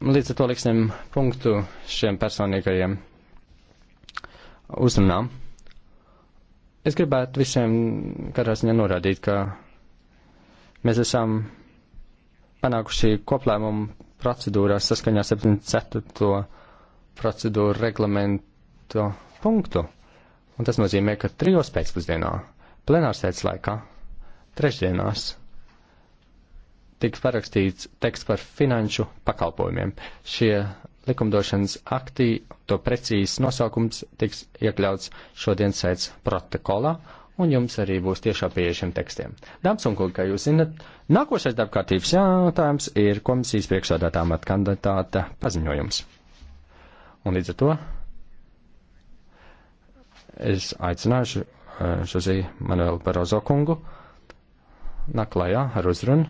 līdz ar to liksim punktu šiem personīgajiem uzrunām. Es gribētu visiem katrā ziņā norādīt, ka mēs esam panākuši koplēmumu procedūrā saskaņā 74. procedūru reglamentu punktu. Un tas nozīmē, ka trijos pēcpusdienā, plenārsēdes laikā, trešdienās tiks parakstīts teksts par finanšu pakalpojumiem. Šie likumdošanas akti, to precīzs nosaukums tiks iekļauts šodienas sēdes protokolā, un jums arī būs tiešā pieeja šiem tekstiem. Dāmas un kungi, kā jūs zinat, nākošais darbkārtības jautājums ir komisijas priekšsādātā matkandidāta paziņojums. Un līdz ar to es aicināšu Žozī eh, Manuelu Barozo kungu naklajā ar uzrunu.